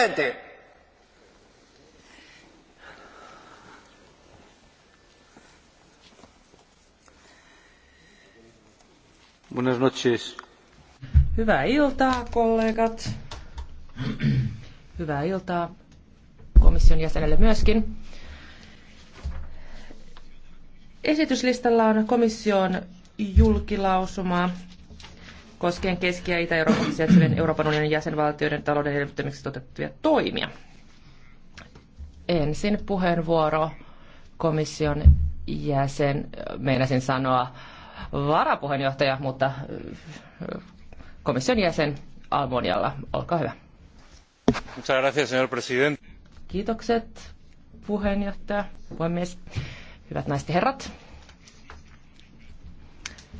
Presidente. Buenas noches. Hyvää iltaa, kollegat. Hyvää iltaa komission jäsenelle myöskin. Esityslistalla on komission julkilausuma koskien Keski- ja Itä-Euroopan sijaitsevien Euroopan unionin jäsenvaltioiden talouden elvyttämiseksi toteutettuja toimia. Ensin puheenvuoro komission jäsen, meinasin sanoa varapuheenjohtaja, mutta äh, komission jäsen Almonialla, olkaa hyvä. Kiitokset puheenjohtaja, puhemies, hyvät naiset ja herrat.